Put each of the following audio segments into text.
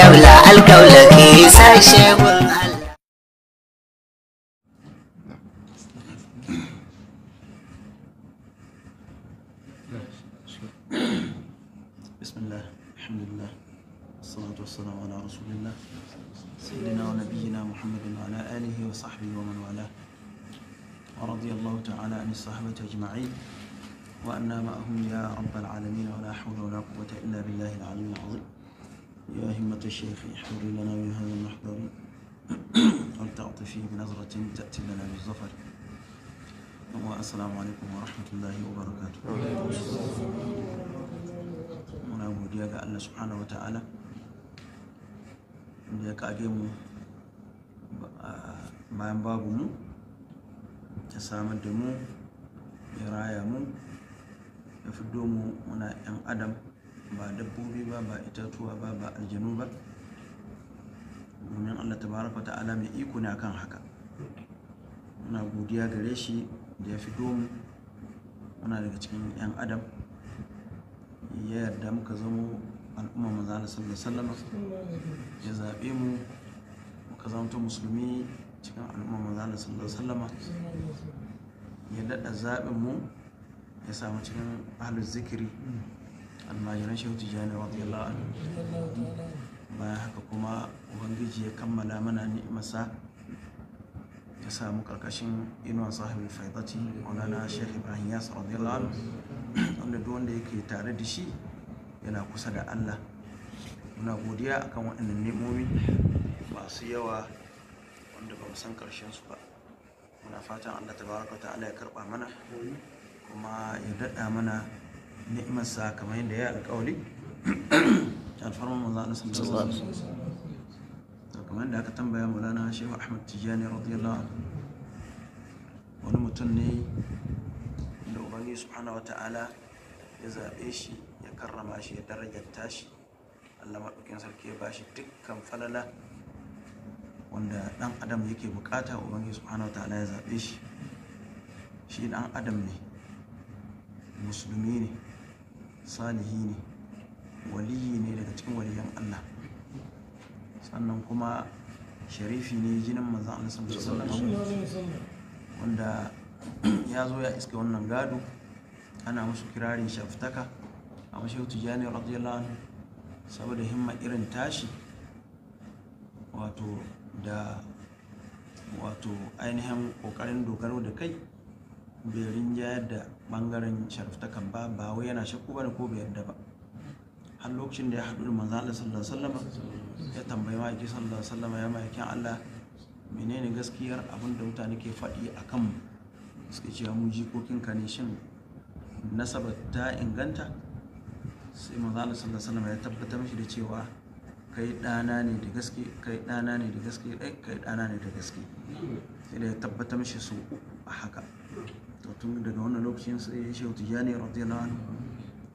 alkaula alkaula ke sashe gun Allah. Bismillah, alhamdulillah, salatu wassalamu ala rasulillah, sayyidina wa nabiyyina Muhammadin wa ala alihi wa sahbihi wa man wala. ورضي الله تعالى عن الصحابة أجمعين وأنا معهم يا رب العالمين ولا حول ولا قوة إلا بالله العلي العظيم يا همة الشيخ احضر لنا من هذا المحضر ولتعطفي بنظرة تأتي لنا بالظفر السلام alaikum wa rahmatullahi wa barakatu muna godiya ga Allah subhanahu wa ta'ala da ya kage mu bayan babu mu ya samar da mu ya raya mu ya fiddo mu muna 'yan adam ba dabbobi ba ba itatuwa ba ba aljanu ba domin allah ta baraka ta ta'ala mai iko ne akan haka muna godiya gare shi da ya fi domin muna daga cikin 'yan adam ya yarda muka zamo al'umma maza sallar sallama ya zaɓe mu muka zamto musulmi cikin al'umma maza sallar sallama ya daɗa zaɓin mu ya samu cikin ahalus zikiri almajiran shehu tijjani radiyallahu anhu bayan haka kuma ubangiji ya kammala mana ni'imarsa ya samu karkashin inuwan sahibin faidati maulana shehu ibrahim yasir radiyallahu anhu wanda duk wanda yake tare da shi yana kusa da allah muna godiya akan waɗannan nemomi masu yawa wanda ba mu san karshen su ba muna fatan allah tabaraka ta'ala ya karɓa mana kuma ya daɗa mana ni'imarsa kamar yadda ya alƙawali alfarma maulana sallallahu alaihi wasallam kamar yadda aka tambaya maulana shehu ahmad tijjani radiyallahu anhu wani mutum ne da ubangi subhanahu wa ya zaɓe shi ya karrama shi ya darajanta shi allama maɗaukin sarki ya bashi dukkan falala wanda ɗan adam yake bukata ubangi subhanahu wa ya zaɓe shi shi ɗan adam ne musulmi ne salihi ne waliyi ne daga cikin waliyan Allah sannan kuma sharifi ne jinin manzan Allah sallallahu wanda ya zo ya iska wannan gado ana musu kirarin shaftaka a mashi jani radiyallahu anhu saboda himma irin tashi wato da wato ainihin kokarin dogaro da kai bai rinjayar da bangaren sharaftakan ba ba wai yana shakku bane ko bai yarda ba har lokacin da ya haɗu da manzan Allah sallallahu alaihi wasallam ya tambayi ma'aikin sallallahu alaihi wasallam ya ma'aikin Allah menene gaskiyar abin da mutane ke faɗi a kan suke cewa mu jikokin ne shin nasabar ta inganta sai manzo Allah sallallahu alaihi wasallam ya tabbata mishi da cewa kai ɗana ne da gaske kai ɗana ne da gaske eh, kai ɗana ne da gaske sai da ya tabbata mishi su a haka to tun daga wannan lokacin sai ya shehu tijjani radiyallahu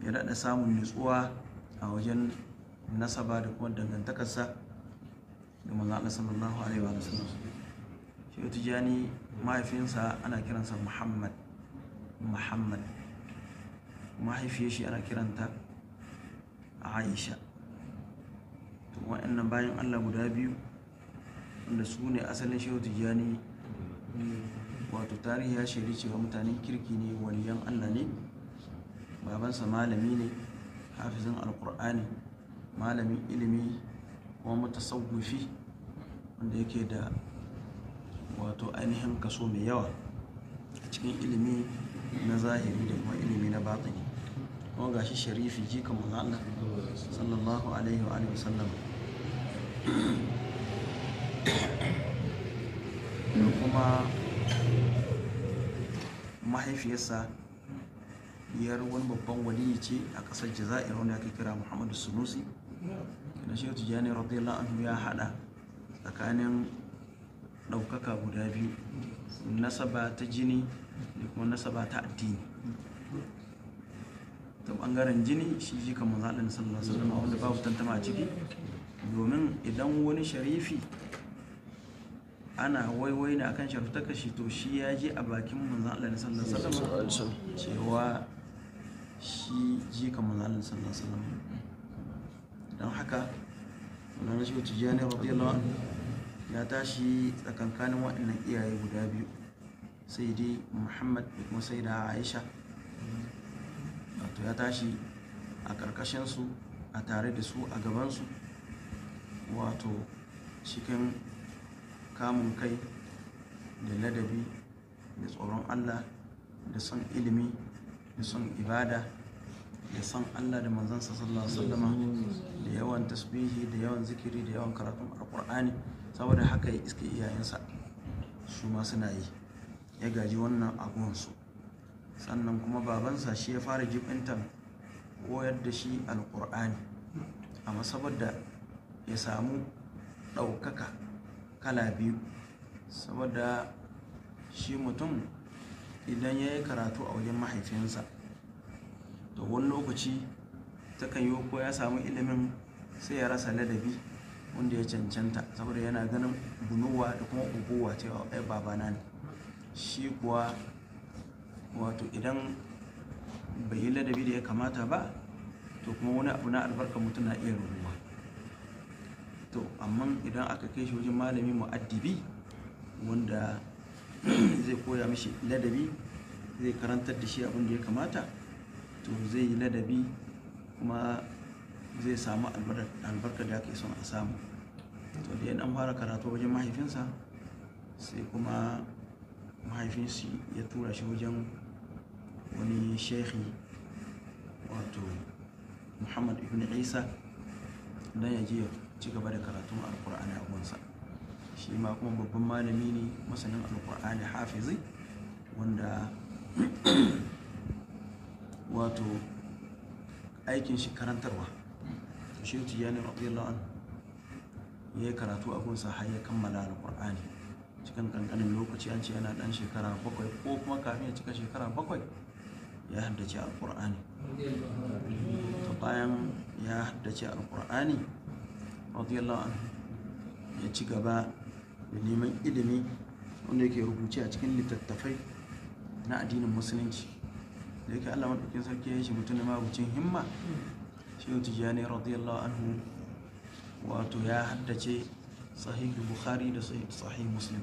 ya daɗa samun nutsuwa a wajen nasaba da kuma dangantakarsa da manzon Allah sallallahu alaihi wa sallam shehu tijjani mahaifinsa ana kiransa Muhammad Muhammad mahaifiyar shi ana kiranta Aisha to wa'annan bayan Allah guda biyu wanda su ne asalin shehu tijjani wato tarihi ya shirya cewa mutanen kirki ne waliyan allah ne babansa malami ne hafizin alkur'ani malamin ilimi kuma mutasawwifi wanda yake da wato ainihin kaso mai yawa a cikin ilimi na zahiri da kuma ilimi na batani kuma gashi sharifi jika allah sallallahu alaihi wa sallam kuma mahaifiyarsa biyar wani babban waliyi ce a ƙasar jaza'ir wanda ake kira muhammadu sunusi na shehu tijjani radiyallahu anhu ya haɗa tsakanin ɗaukaka guda biyu nasaba ta jini da kuma nasaba ta addini ta ɓangaren jini shi ji kamar zaɗin sallallahu alaihi wasallam wanda babu tantama a ciki domin idan wani sharifi ana waiwaina akan shafuta kashi to shi ya je a bakin manzon Allah sallallahu alaihi wasallam cewa shi jika manzon Allah sallallahu alaihi wasallam dan haka manzon shi tijani radiyallahu anhu ya tashi tsakankanin waɗannan iyaye guda biyu sai dai Muhammad da kuma sai da Aisha wato ya tashi a ƙarƙashinsu a tare da su a gabansu wato cikin kamun kai da ladabi da tsoron allah da son ilimi da son ibada da son allah da manzansa sallallahu sallama da yawan tasbihi da yawan zikiri da yawan karatun alkur'ani saboda haka ya iske iyayensa su ma suna yi ya gaji wannan abuwansu sannan kuma babansa shi ya fara jibintan koyar da shi alkur'ani amma saboda ya samu ɗaukaka kala biyu saboda shi mutum idan ya yi karatu a wajen mahaifinsa da wani lokaci ta kan yi ko ya samu ilimin sai ya rasa ladabi wanda ya cancanta saboda yana ganin bunuwa da kuma uguwa cewa ai babana ne shi kuwa wato idan bai yi ladabi da ya kamata ba to kuma wani abu na albarka mutum na iya rubuta to amma idan aka kai shi wajen malami mu'addibi wanda zai koya mishi ladabi zai karantar da shi abin da ya kamata to zai yi ladabi kuma zai samu albarka da ake son a samu to da yan an fara karatu wajen mahaifinsa sai kuma mahaifinsu ya tura shi wajen wani shekhi wato muhammad ibn isa don ya ci gaba da karatun alkur'ani a gunsa shi ma kuma babban malami ne masanin alkur'ani hafizi wanda wato aikin shi karantarwa shi tijjani radiyallahu ya yi karatu a gunsa har ya kammala alkur'ani cikin kankanin lokaci an ce yana dan shekara bakwai ko kuma kafin ya cika shekara bakwai ya haddace alkur'ani bayan ya haddace alkur'ani radiyallahu ya ci gaba da neman ilimi wanda yake rubuce a cikin littattafai na addinin musulunci da yake allah maɗaukin sarki ya yi shi mutum da magucin himma yau tijjani radiyallahu anhu wato ya haddace sahihu bukhari da sahihu muslim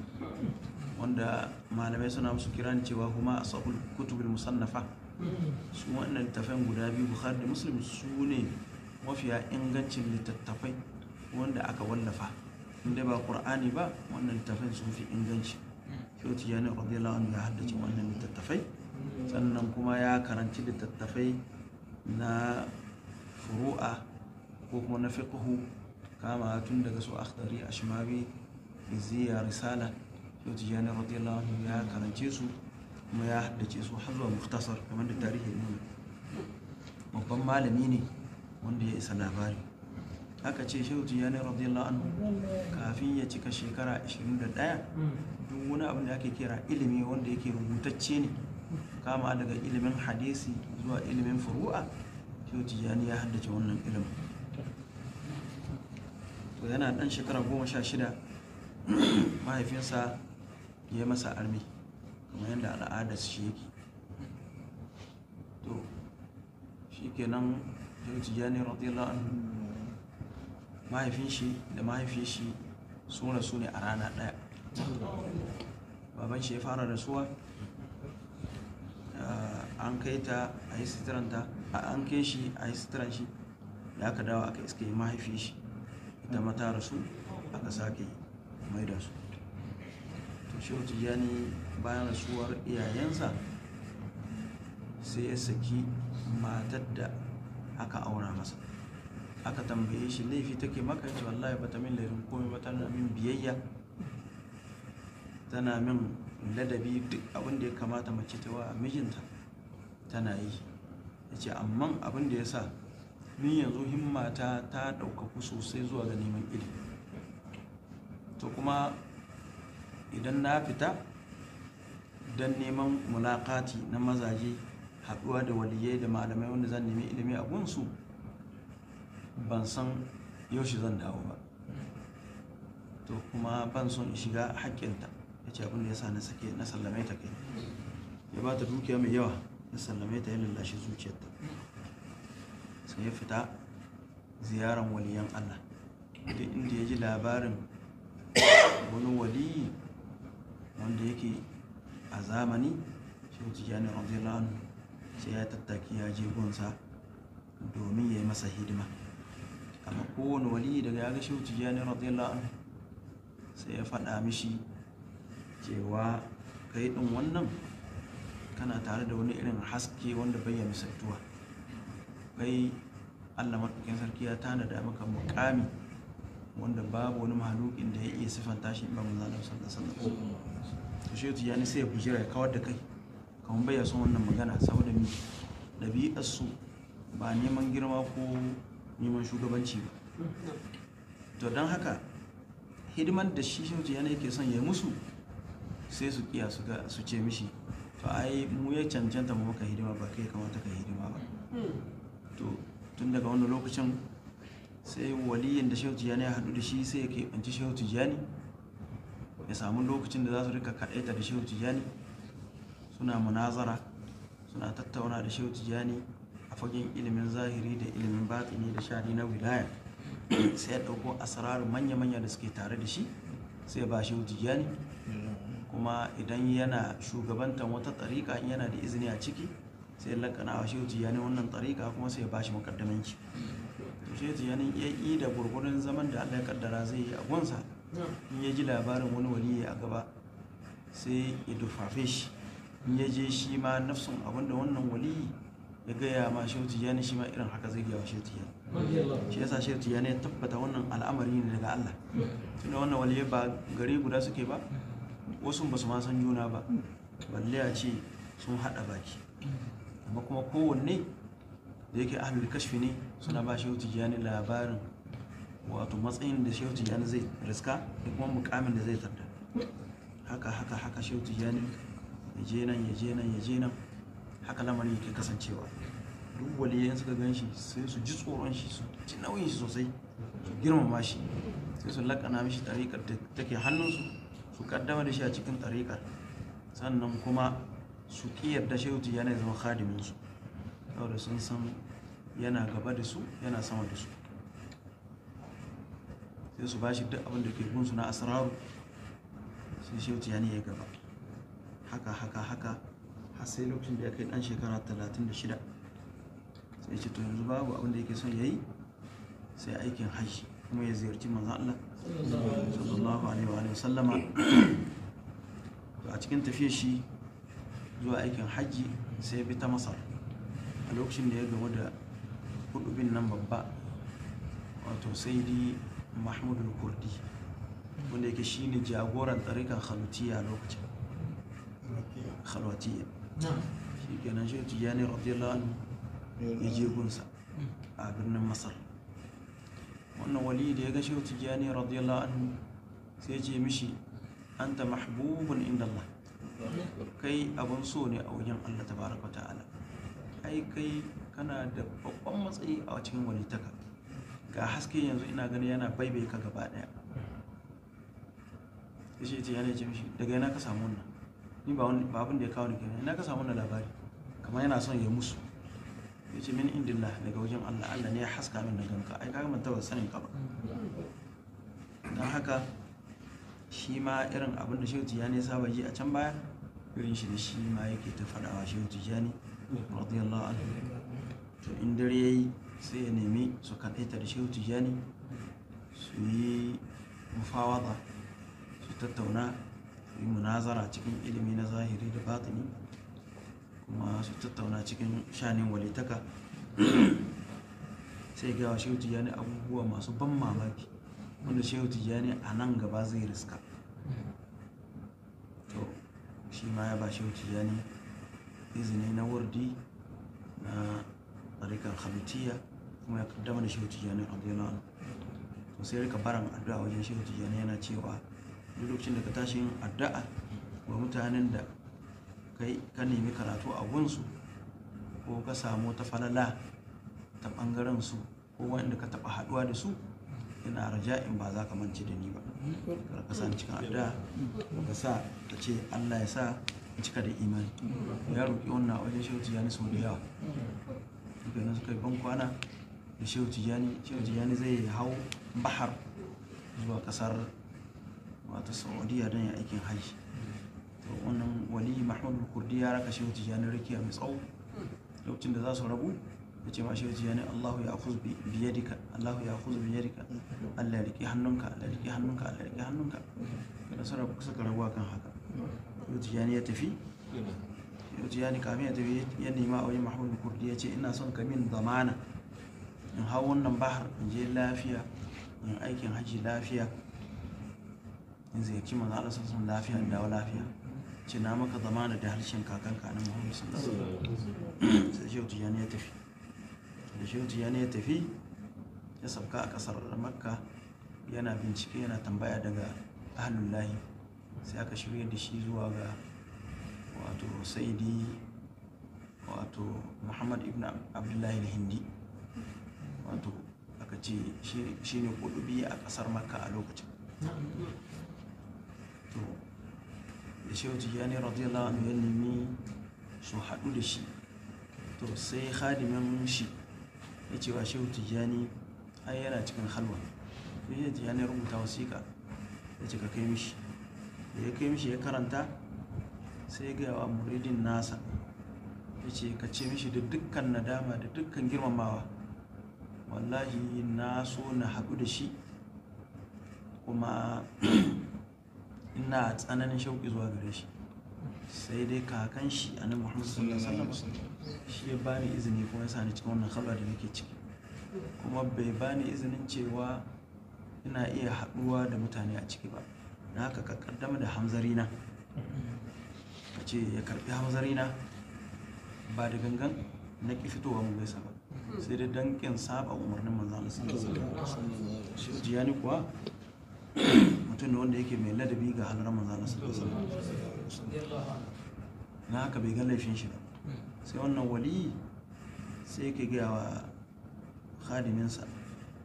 wanda malamai suna musu kiran cewa kuma a sahul kutubin musannafa su wannan littattafai guda biyu bukhari da muslim su ne mafiya ingancin littattafai wanda aka wallafa inda ba qur'ani ba wannan littafin sun fi inganci shehu tijjani radiyallahu anhu ya haddace wannan littattafai sannan kuma ya karanci littattafai na furu'a ko kuma na fiqhu kama tun daga su akhdari ashmawi iziya risala shehu tijjani radiyallahu anhu ya karance su kuma ya haddace su har zuwa muktasar kamar da tarihi nuna babban malami ne wanda ya isa labari aka ce shehu tijjani radiyallahu anhu kafin ya cika shekara 21 duk wani abin da ake kira ilimi wanda yake rubutacce ne kama daga ilimin hadisi zuwa ilimin furu'a shehu tijjani ya haddace wannan ilimin to yana dan shekara 16 mahaifinsa ya masa armi kamar yadda al'adar shi yake to shi kenan shehu tijjani radiyallahu anhu mahaifin shi da mahaifin shi sun rasu ne a rana ɗaya baban shi ya fara rasuwa eh, an kai ta a yi a an kai shi a yi sitiran shi da aka dawo aka yi mahaifin shi ita mata rasu aka sake mai da su to wata jani bayan rasuwar iyayensa sai ya saki matar da aka aura masa aka tambaye shi laifi take maka ce wallahi bata min laifin komai ba tana min biyayya tana min ladabi duk abin da ya kamata mace ta wa mijinta tana yi yace amma abin da sa min yanzu himmata ta ɗaukaku sosai zuwa ga neman ilim to kuma idan na fita don neman mulaƙati na mazaje haɗuwa da waliyai da malamai wanda zan nemi ilimi a gunsu ban san yaushe zan dawo ba to kuma ban son in shiga haƙƙinta ya ce abin da ya sa na sake na sallame ta kai ya ba ta dukiya mai yawa na sallame ta ya lallashe zuciyarta sai ya fita ziyaran waliyan Allah duk inda ya ji labarin wani wali wanda yake a zamani shi wuce jani lanu, sai ya tattaki ya je gonsa domin ya yi masa hidima amma kowane wali daga ya ga shehu tijjani radiyallahu anhu sai ya faɗa mishi cewa kai ɗin wannan kana tare da wani irin haske wanda bayyana misaltuwa kai allah maɗaukin sarki ya tana da maka mukami wanda babu wani mahalukin da ya iya siffan tashi ba mu zanen sanda ko ta shi ya ni sai ya kujira ya kawar da kai kamar bai wannan magana saboda mi ɗabi'arsu ba neman girma ko neman shugabanci ba to don haka hidimar da shi shi yana yake son ya musu sai su kiya su ce mishi to ai mu ya cancanta mu maka hidima ba kai kamata ka hidima ba to tun daga wani lokacin sai waliyin da shehu tijjani ya haɗu da shi sai ya keɓanci shehu tijjani ya samu lokacin da za su rika kaɗaita da shehu tijjani suna munazara suna tattauna da shehu tijjani a fagen ilimin zahiri da ilimin batini da shani na wilaya sai ya ɗauko asarar manya-manya da suke tare da shi sai ba shi jiyani kuma idan yana shugabantar wata tsarika yana da izini a ciki sai lakana wa shehu jiyani wannan tsarika kuma sai ba shi makaddamanci shehu jiyani ya yi da gurgurin zaman da allah ya kaddara zai yi a gonsa in ya ji labarin wani waliyi a gaba sai ya dufafe shi in ya je shi ma nafsun abinda wannan wali. ya gaya ma shehu ne shi ma irin haka zai gaya wa ya shi yasa shehu ne ya tabbata wannan al'amari ne daga Allah tunda wannan waliyai ba gari guda suke ba wasu ba su ma san juna ba balle a ce sun haɗa baki amma kuma kowanne da yake ahlul kashfi ne suna ba ya ne labarin wato matsayin da ya ne zai riska da kuma mukamin da zai tarda haka haka haka shehu ne ya je nan ya je nan ya je nan haka lamarin yake kasancewa duk waliyan suka gan shi sai su ji tsoron shi su ci nauyin shi sosai su girmama shi sai su lakana mishi tariƙar da take hannunsu su kaddama da shi a cikin tariƙar sannan kuma su ƙiyar da shehu yana zama khadiminsu saboda sun san yana gaba da su yana sama da su sai su bashi duk abin da ke gunsu na asararu sai shehu yana ya gaba haka haka haka a sai lokacin da ya kai dan shekara 36 sai ce to yanzu babu abin da yake son yayi sai aikin hajji kuma ya ziyarci manzo Allah sallallahu alaihi wa sallama To a cikin tafiyar shi zuwa aikin hajji sai ya bi ta masar a lokacin da ya gama da hudubin nan babba wato mahmud al kurdi wanda yake shine jagoran tsarikan khalutiya lokacin khalwatiya shi kenan shi tijjani radiyallahu anhu ya je gunsa a birnin masar wannan wali da ya ga shi tijjani radiyallahu anhu sai ce mishi anta mahbubun inda Allah kai abun so ne a wajen Allah tabaraka ta'ala ai kai kana da babban matsayi a cikin walitaka ga haske yanzu ina gani yana baibai ka gaba daya sai ce yana ce mishi daga yana ka samu wannan ni ba abin da ya kawo ni kenan ina ka samu na labari kamar yana son ya musu ya ce min daga wajen Allah Allah ne ya haska min da ganka ai kaga ta wasu sanin kaba ba dan haka shi ma irin abin da Shehu Tijani ya saba ji a can baya irin shi da shi ma yake ta fadawa Shehu Tijani radiyallahu anhu to in dare yayi sai ya nemi su kaɗaita da Shehu Tijani su yi mufawada su tattauna yi munazara cikin ilimi na zahiri da batini kuma su tattauna cikin shanin walitaka sai gawa shehu tijjani abubuwa masu ban mamaki wanda shehu tijjani a nan gaba zai riska to shi ma ya ba shehu tijjani izini na wurdi na tsarikan halittiya kuma ya kaddama da shehu tijjani a to sai rika baran addu'a wajen shehu tijjani yana cewa duk lokacin da ka tashi yin addu'a wa mutanen da kai ka nemi karatu a gunsu ko ka samu ta falala ta bangaren su ko wanda ka taba haɗuwa da su ina raja'in ba za ka manci da ni ba ka sa cikin addu'a ka sa ka ce Allah ya sa cika da imani ya roƙi wannan a wajen shehu tijjani sau da yawa suka yi ban kwana da shehu tijjani shehu tijjani zai hau bahar zuwa kasar. wata saudiya don ya aikin hajji to wannan wali mahmud kurdi ya raka shehu tijjani rikiya mai tsawo lokacin da za su rabu ya ce ma shehu tijjani allahu ya khuz biyadika allahu ya khuz biyadika allah ya rike hannunka allah ya rike hannunka allah ya rike hannunka kada su rabu suka rabu kan haka shehu tijjani ya tafi shehu tijjani kafin ya tafi ya nema a wajen mahmud kurdi ya ce ina son ka min zamana in hau wannan bahar in je lafiya in aikin haji lafiya in ziyarci manzo Allah sallallahu alaihi lafiya da dawo lafiya ce na maka zamana da harshen kakanka na Muhammad sallallahu alaihi wasallam sai shehu tijani ya tafi da shehu tijani ya tafi ya sabka a kasar Makka yana bincike yana tambaya daga ahlullahi sai aka shirya da shi zuwa ga wato saidi wato muhammad ibn abdullahi da hindi wato aka ce shi ne kudubi a kasar makka a lokacin to da shehu tijjani radiyallahu anhu ya nemi su haɗu da shi to sai hadimin shi ya ce wa shehu tijjani ai yana cikin halwa to shehu tijjani rubuta wasiƙa ya ce ka kai mishi da ya kai mishi ya karanta sai ya gaya wa muridin nasa ya ce ka ce mishi da dukkan nadama da dukkan girmamawa wallahi na so na haɗu da shi kuma ina tsananin shauƙi zuwa gare shi sai dai kakan shi a nan muhammadu sallallahu shi ya bani izini kuma ya sa ni cikin wannan khabar da nake ciki kuma bai bani izinin cewa ina iya haɗuwa da mutane a ciki ba na ka kaddama da hamzarina ka ce ya karɓi hamzarina ba da gangan na ƙi fitowa mu gaisa ba sai dai dangin saba umarnin manzan sallallahu alaihi wasallam jiyani kuwa mutum wanda yake mai ladabi ga halar manzana na haka bai ga laifin shi ba sai wannan wali sai ka gaya wa hadiminsa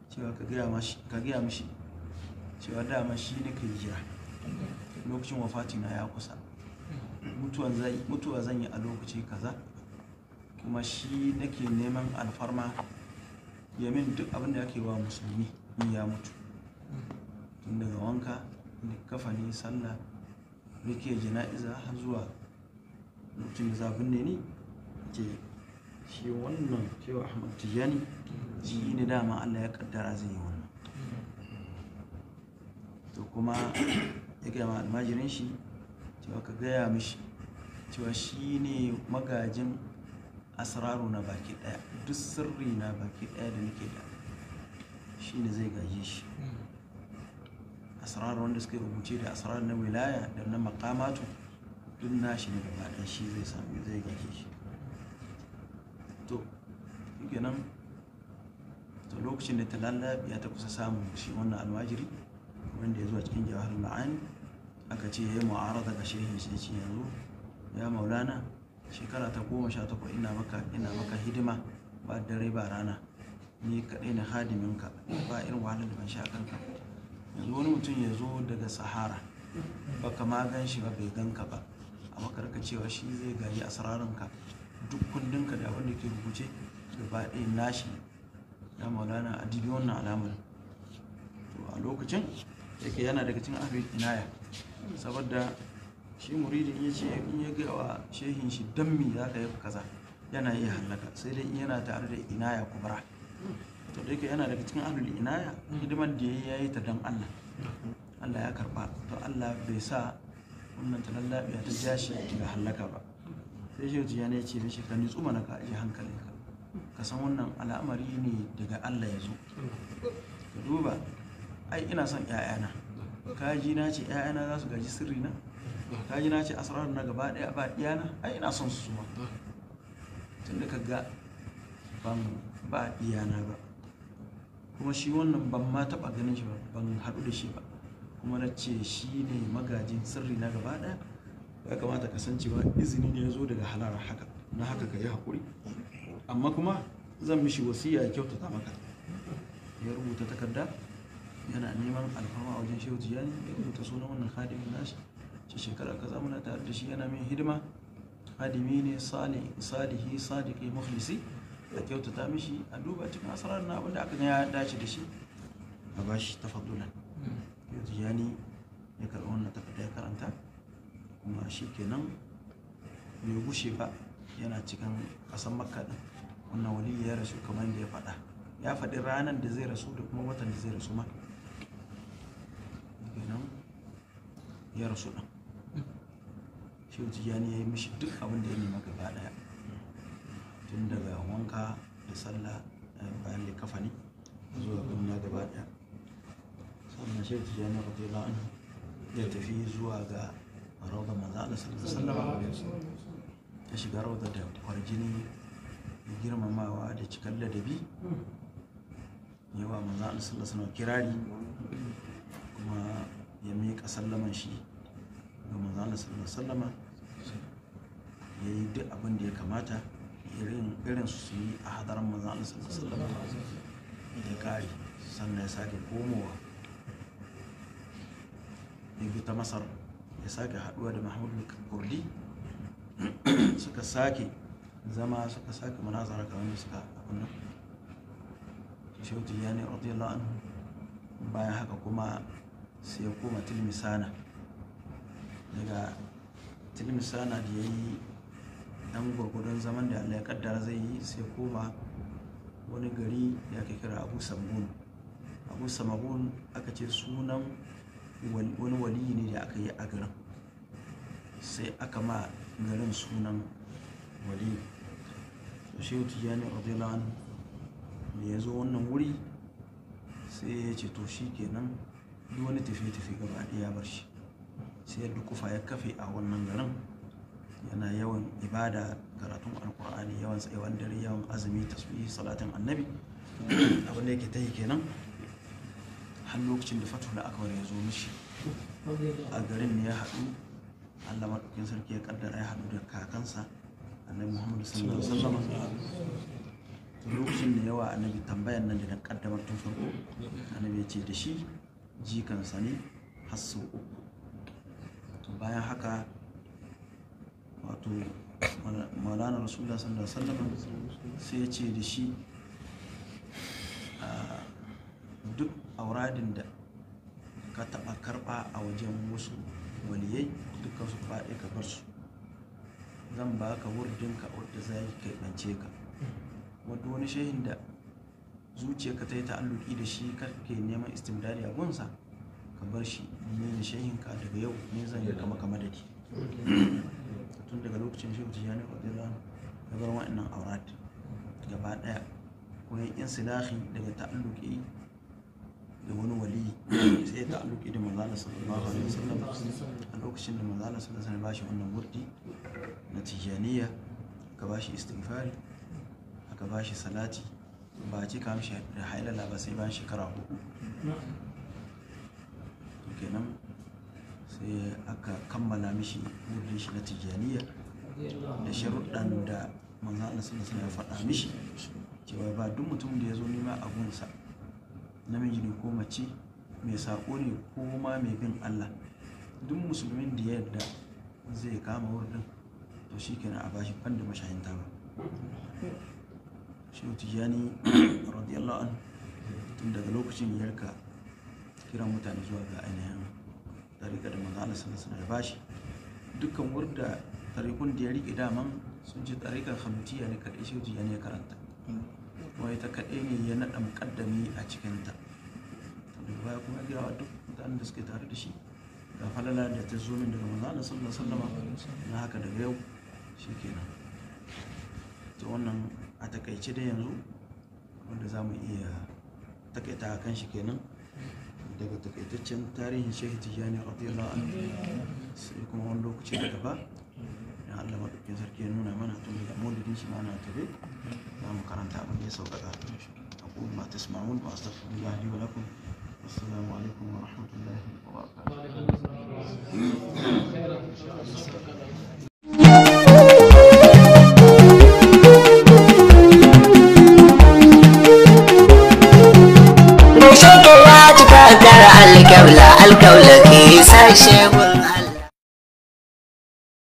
cewa ka gaya mashi cewa dama shi ne ka yi jira lokacin na ya kusa mutuwa zan yi a lokaci kaza kuma shi nake neman alfarma yamin duk abin da ake wa musulmi in ya mutu daga wanka likkafani sallah rike jana'iza har zuwa mutum da za binne ni shi wannan cewa ahmad tijjani shi ne dama allah ya kaddara zai yi wannan to kuma ya gaya ma almajirin shi cewa ka gaya mishi cewa shi ne magajin asararu na baki daya duk sirri na baki daya da nake da shi ne zai gaje shi asirar wanda suka rubuce da asirar na wilaya da na makamatu duk nashi ne gaba ɗan shi zai samu zai shi to yake nan to lokacin da talalla ya ta kusa samun shi wannan almajiri wanda ya zuwa cikin jawahar ma'an aka ce ya yi daga ga shehin sai yanzu ya maulana shekara ta goma sha takwas ina maka ina maka hidima ba dare ba rana ni kaɗai na hadiminka ba irin wahalar da ban sha kanka yanzu wani mutum ya zo daga sahara ba ka ma gan shi ba bai gan ka ba amma karka cewa shi zai gaji ka duk kundin ka da abin da ke rubuce gaba ɗaya nashi ya maulana a dibi wannan alamar to a lokacin yake yana daga cikin abin inaya saboda shi muridin ya ce in ya gaya wa shehin shi don me za ka yi kaza yana iya hallaka sai dai yana tare da inaya kubra to da yake yana daga cikin ahlul inaya hidiman da ya yi ta dan Allah Allah ya karba to Allah bai sa wannan ta lallabiya ta jashi daga halaka ba sai shi jiya ne ce mishi ka nutsu mana ka aje hankali ka san wannan al'amari ne daga Allah ya zo ka duba ai ina son ƴaƴana kaji na ce ƴaƴana za su gaji sirri na kaji na ce asrarun na gaba daya ba ɗiyana ai ina son su suma tunda ka ga ban ba ɗiyana ba kuma shi wannan ban ma taba ganin shi ba ban haɗu da shi ba kuma na ce shi ne magajin sirri na gaba ɗaya ya kamata ka san cewa izini ne ya zo daga halar haka na haka ka yi haƙuri amma kuma zan mishi wasiya ya ta maka ya rubuta takarda yana neman alfama a wajen shehu jiyani ya rubuta sunan wannan hadimin nashi shi shekara kaza muna tare da shi yana min hidima hadimi ne salihi sadiki muflisi a kyautata mishi a duba cikin asarar na abinda aka ya dace da shi a ba shi tafaddulan yanzu jani ya karɓi wannan takarda ya karanta kuma shi kenan bai gushe ba yana cikin ƙasar makka ɗin wannan wani ya rasu kamar yadda ya faɗa ya faɗi ranar da zai rasu da kuma watan da zai rasu ma kenan ya rasu ɗin shi yanzu ya yi mishi duk abin da ya nema gaba ɗaya tun daga wanka da sallah eh, bayan da kafani zuwa na gaba ɗaya sannan shi ta jana ba yi an ya tafi zuwa ga rauda manzo da sallallahu Ta ya shiga rauda da jini da girmamawa da cikar ladabi yawa maza Allah sallallahu alaihi kirari kuma ya miƙa sallaman shi ga manzo Allah da alaihi ya yi duk abin da ya kamata irin su yi a hadarar manzan Allah sallallahu alaihi wasallam ya kare sannan ya sake komowa ya bi ta masar ya sake haduwa da mahmud kurdi suka sake zama suka sake munazara kamar suka abin nan shautu ya ne radiyallahu anhu bayan haka kuma sai ya koma tilmisana daga tilmisana da ya yi dan gwargwadon zaman da allah ya zai yi sai koma wani gari ya ke kira abu samun abu samun aka ce sunan wani wali ne da aka yi a garin sai aka ma garin sunan waliyi to shehu ne da ya zo wannan wuri sai ya ce to shi kenan duk wani tafiye-tafiye gaba ɗaya bar shi sai ya dukufa ya kafe a wannan garin yana yawan ibada karatun alkur'ani yawan tsayawan dare yawan azumi tasbihi salatin annabi abin da yake ta yi kenan har lokacin da fatul akbar ya zo mishi a garin ne ya haɗu Allah maɗaukin sarki ya kaddara ya haɗu da kakansa annabi muhammadu sallallahu alaihi wasallam lokacin da yawa annabi tambayan nan da na kaddamar tun farko annabi ya ce da shi jikansa ne har sau uku bayan haka wato malana rasulullah sallallahu alaihi wasallam sai ya ce da shi ah, duk auradin da ka taɓa karɓa a wajen wasu waliyai dukkan su faɗi ka bar su zan ba ka ka wadda za ka ɓance ka wadda wani shehin da zuciya ka ta yi ta'alluki da shi karke neman istimdari a gunsa ka bar shi ne shehin ka daga yau ne zan yi kama kama da ke tun daga lokacin shehu tijjani radiyallahu ya bar wa'annan aurat gaba daya ko ya insilahi daga ta'alluki da wani wali sai ya ta'alluki da manzala sallallahu alaihi wasallam a lokacin da manzala sallallahu alaihi wasallam ba shi wannan wurdi na tijjaniya ka ba shi istighfari aka ba shi salati ba a cika mishi da hailala ba sai bayan shekara hudu kenan sai aka kammala mishi wurin shi na tijjaniya da sharuɗan da manzo Allah sallallahu ya faɗa mishi cewa ba duk mutum da ya zo nema abunsa namiji ne ko mace mai saƙo ne ko ma mai bin Allah duk musulmin da yadda zai kama wurin to shi kenan a bashi fanda da mashahinta ba shehu tijjani radiyallahu an tun daga lokacin yarka kiran mutane zuwa ga ainihin tarika da manzana Allah sallallahu da bashi dukkan wurda tarikun da ya rike daman sun ce tarikar hamtiya ne kaɗai shi ne ya karanta kuma ta kaɗai ne ya naɗa muƙaddami a cikinta daga baya kuma gira wa duk mutanen da suke tare da shi ga falala da ta zo min daga manzo Allah sallallahu na haka daga yau shikenan ta wannan a takaice da yanzu wanda za mu iya takaita kan shi kenan daga takaitaccen tarihin shehi tijjani radiyallahu anhu sai kuma wani lokaci da gaba na Allah madaukin sarki ya nuna mana tun da maulidin shi ma na tabe za mu karanta abin da ya sauƙaƙa aqulu ma tasma'un wa astaghfirullah li wa lakum assalamu alaikum wa rahmatullahi wa barakatuh alƙabla alƙaula ke sa shegun